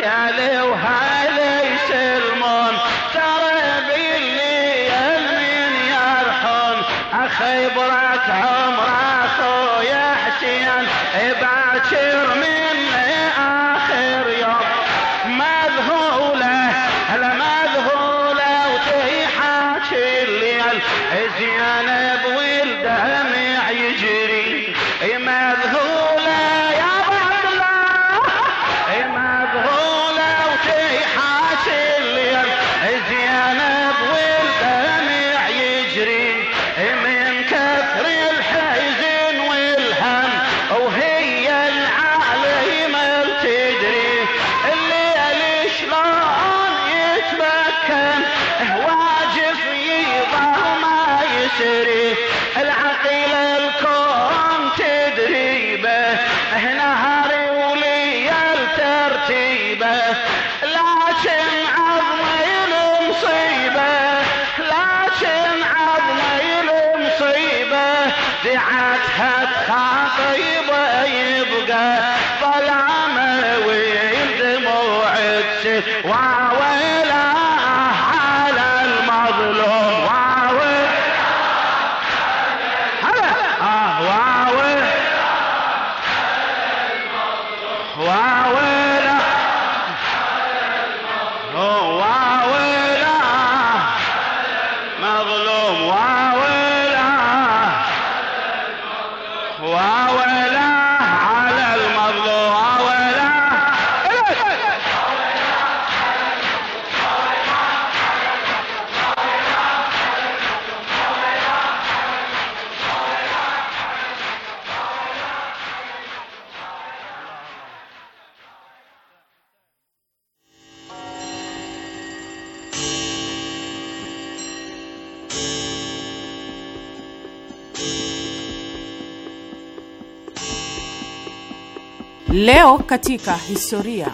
Leo katika historia.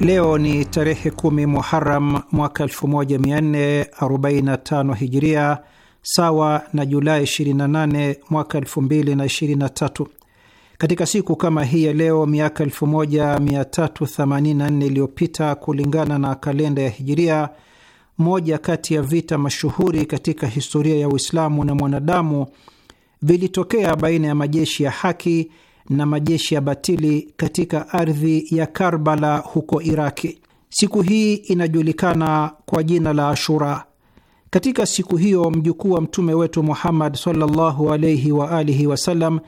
Leo ni tarehe kumi Muharam mwaka 1445 Hijiria, sawa na Julai 28 mwaka 2023. Katika siku kama hii ya leo miaka 1384 iliyopita kulingana na kalenda ya Hijiria, moja kati ya vita mashuhuri katika historia ya Uislamu na mwanadamu, vilitokea baina ya majeshi ya haki na majeshi ya batili katika ardhi ya Karbala huko Iraki. Siku hii inajulikana kwa jina la Ashura. Katika siku hiyo mjukuu wa mtume wetu Muhammad sallallahu alaihi wa alihi wasallam,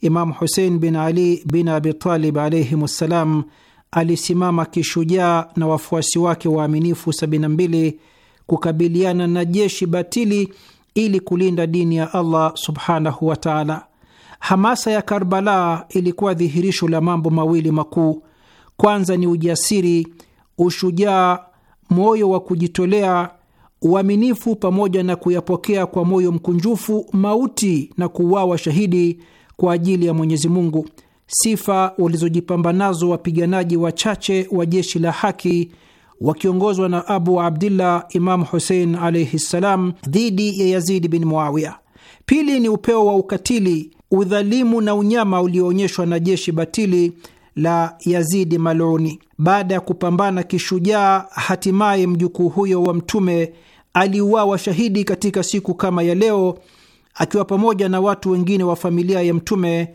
Imamu Husein bin Ali bin Abitalib alaihim ssalam, alisimama kishujaa na wafuasi wake waaminifu kukabiliana na jeshi batili ili kulinda dini ya Allah subhanahu wa taala. Hamasa ya Karbala ilikuwa dhihirisho la mambo mawili makuu. Kwanza ni ujasiri, ushujaa, moyo wa kujitolea, uaminifu, pamoja na kuyapokea kwa moyo mkunjufu mauti na kuuawa shahidi kwa ajili ya Mwenyezi Mungu, sifa walizojipamba nazo wapiganaji wachache wa jeshi la haki wakiongozwa na Abu Abdillah Imamu Husein alaihi ssalam dhidi ya Yazidi bin Muawiya. Pili ni upeo wa ukatili, udhalimu na unyama ulioonyeshwa na jeshi batili la Yazidi maluni. Baada ya kupambana kishujaa, hatimaye mjukuu huyo wa Mtume aliuawa shahidi katika siku kama ya leo, akiwa pamoja na watu wengine wa familia ya Mtume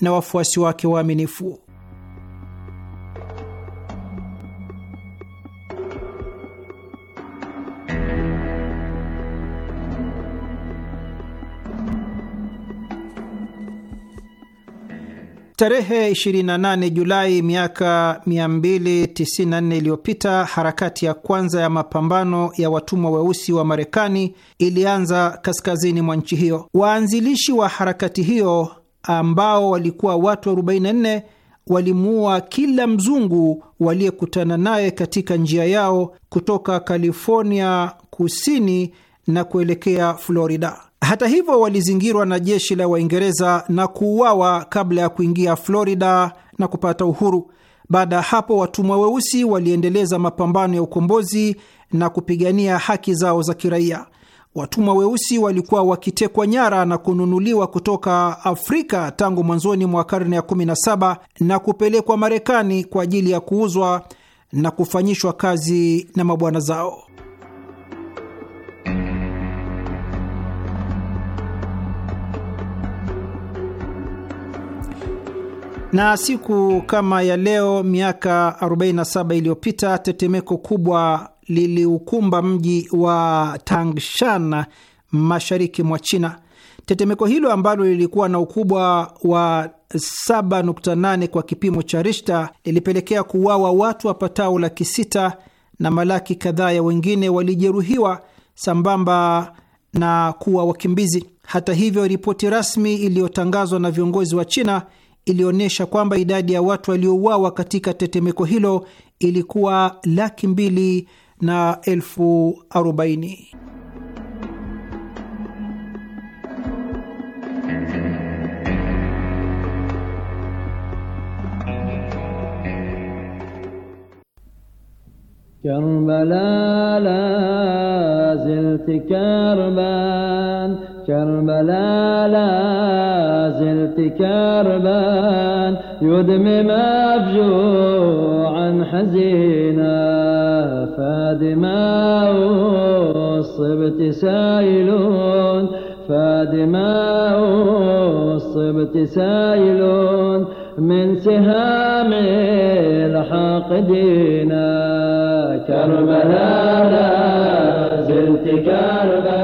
na wafuasi wake waaminifu. Tarehe 28 Julai miaka 294 iliyopita harakati ya kwanza ya mapambano ya watumwa weusi wa Marekani ilianza kaskazini mwa nchi hiyo. Waanzilishi wa harakati hiyo ambao walikuwa watu 44 walimuua kila mzungu waliyekutana naye katika njia yao kutoka California kusini na kuelekea Florida. Hata hivyo, walizingirwa na jeshi la Waingereza na kuuawa kabla ya kuingia Florida na kupata uhuru. Baada ya hapo, watumwa weusi waliendeleza mapambano ya ukombozi na kupigania haki zao za kiraia. Watumwa weusi walikuwa wakitekwa nyara na kununuliwa kutoka Afrika tangu mwanzoni mwa karne ya 17 na kupelekwa Marekani kwa ajili ya kuuzwa na kufanyishwa kazi na mabwana zao. Na siku kama ya leo miaka 47 iliyopita tetemeko kubwa liliukumba mji wa Tangshan mashariki mwa China. Tetemeko hilo ambalo lilikuwa na ukubwa wa 7.8 kwa kipimo cha Rishta lilipelekea kuuawa watu wapatao laki sita na malaki kadhaa ya wengine walijeruhiwa sambamba na kuwa wakimbizi. Hata hivyo, ripoti rasmi iliyotangazwa na viongozi wa China ilionyesha kwamba idadi ya watu waliouawa katika tetemeko hilo ilikuwa laki mbili na elfu arobaini. Karbala la zilti karban كربلاء لا زلت كربان يدمي مفجوعا حزينا فادما سايلون سائل فادما وصبت سائلون من سهام الحاقدين كربلاء لا زلت كربان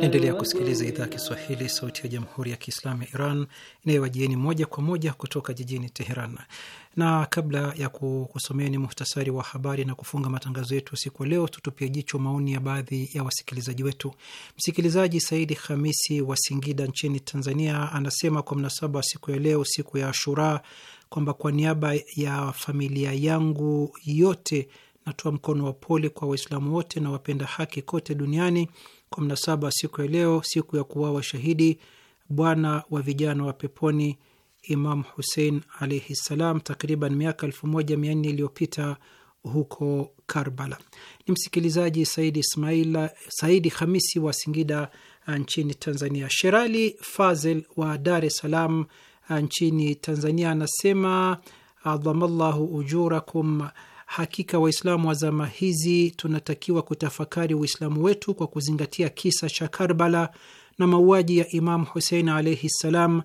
Endelea kusikiliza idhaa ya Kiswahili, sauti ya jamhuri ya kiislamu ya Iran inayowajieni moja kwa moja kutoka jijini Teheran. Na kabla ya ni muhtasari wa habari na kufunga matangazo yetu usiku wa leo, tutupia jicho maoni ya baadhi ya wasikilizaji wetu. Msikilizaji Saidi Hamisi wa Singida nchini Tanzania anasema kwa mnasaba wa siku ya leo, siku ya ashuraa kwamba kwa niaba ya familia yangu yote Natoa mkono wa pole kwa Waislamu wote na wapenda haki kote duniani kwa mnasaba siku ya leo, siku ya kuwawa shahidi bwana wa vijana wa peponi Imam Husein alaihi ssalam, takriban miaka nne iliyopita huko Karbala. Ni msikilizaji Saidi Ismail Saidi Hamisi wa Singida uh, nchini Tanzania. Sherali Fazel wa Dar es Salaam uh, nchini Tanzania anasema adhamallahu ujurakum Hakika Waislamu wa zama hizi tunatakiwa kutafakari Uislamu wetu kwa kuzingatia kisa cha Karbala na mauaji ya Imamu Husein alaihi ssalam,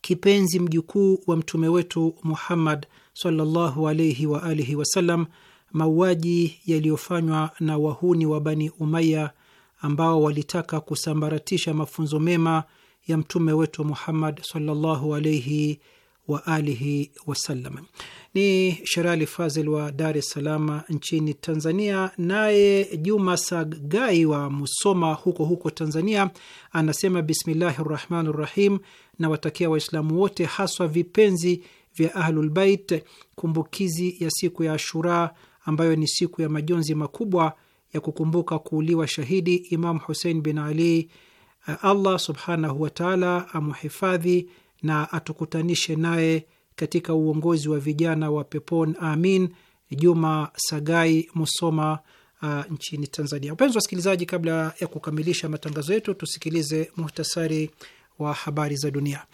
kipenzi mjukuu wa mtume wetu Muhammad sallallahu alaihi wa alihi wasallam, mauaji yaliyofanywa na wahuni wa Bani Umaya ambao walitaka kusambaratisha mafunzo mema ya mtume wetu Muhammad sallallahu alaihi wa alihi wasallam. Ni Sherali Fazil wa Dar es Salaam nchini Tanzania. Naye Juma Sagai wa Musoma huko huko Tanzania anasema bismillahi rahmani rahim, na watakia Waislamu wote haswa vipenzi vya Ahlulbait kumbukizi ya siku ya Ashura ambayo ni siku ya majonzi makubwa ya kukumbuka kuuliwa shahidi Imam Husein bin Ali. Uh, Allah subhanahu wataala amuhifadhi na atukutanishe naye katika uongozi wa vijana wa pepon amin. Juma Sagai Musoma, uh, nchini Tanzania. Wapenzi wasikilizaji, kabla ya kukamilisha matangazo yetu, tusikilize muhtasari wa habari za dunia.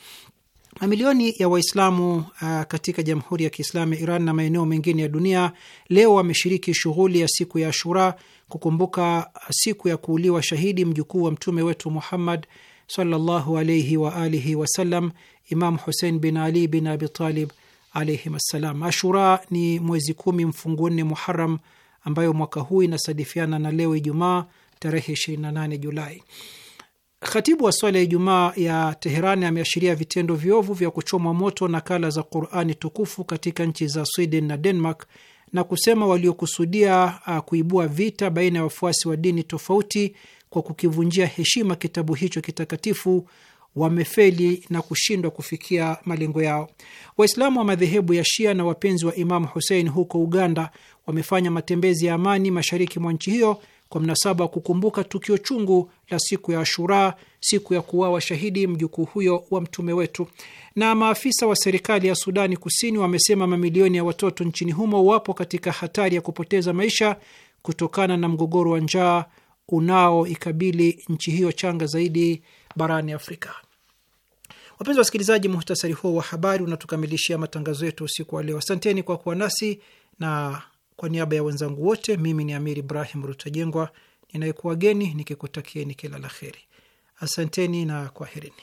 Mamilioni ya Waislamu uh, katika Jamhuri ya Kiislamu ya Iran na maeneo mengine ya dunia leo wameshiriki shughuli ya siku ya Ashura kukumbuka uh, siku ya kuuliwa shahidi mjukuu wa mtume wetu Muhammad sallallahu alaihi wa alihi wasallam Imam Husein bin Ali bin Abitalib alaihim assalam. Ashura ni mwezi kumi mfunguo nne Muharam, ambayo mwaka huu inasadifiana na leo Ijumaa tarehe 28 Julai. Khatibu wa swala ya Ijumaa ya Teherani ameashiria vitendo viovu vya kuchomwa moto nakala za Qurani tukufu katika nchi za Sweden na Denmark na kusema waliokusudia kuibua vita baina ya wafuasi wa dini tofauti kwa kukivunjia heshima kitabu hicho kitakatifu wamefeli na kushindwa kufikia malengo yao. Waislamu wa madhehebu ya Shia na wapenzi wa Imamu Husein huko Uganda wamefanya matembezi ya amani mashariki mwa nchi hiyo kwa mnasaba wa kukumbuka tukio chungu la siku ya Ashura, siku ya kuuawa shahidi mjukuu huyo wa mtume wetu. Na maafisa wa serikali ya Sudani Kusini wamesema mamilioni ya watoto nchini humo wapo katika hatari ya kupoteza maisha kutokana na mgogoro wa njaa unaoikabili nchi hiyo changa zaidi barani Afrika. Wapenzi wasikilizaji, muhtasari huo wa habari unatukamilishia matangazo yetu usiku wa leo. Asanteni kwa kuwa nasi na kwa niaba ya wenzangu wote, mimi ni Amir Ibrahim Rutajengwa geni nikikutakieni kila la heri. Asanteni na kwaherini.